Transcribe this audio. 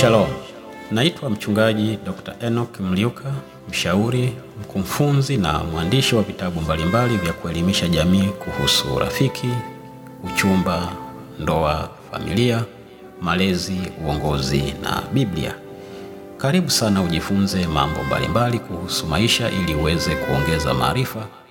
Shalom, naitwa mchungaji Dr. Enoch Mliuka, mshauri, mkufunzi na mwandishi wa vitabu mbalimbali vya kuelimisha jamii kuhusu rafiki uchumba, ndoa, familia, malezi, uongozi na Biblia. Karibu sana ujifunze mambo mbalimbali kuhusu maisha ili uweze kuongeza maarifa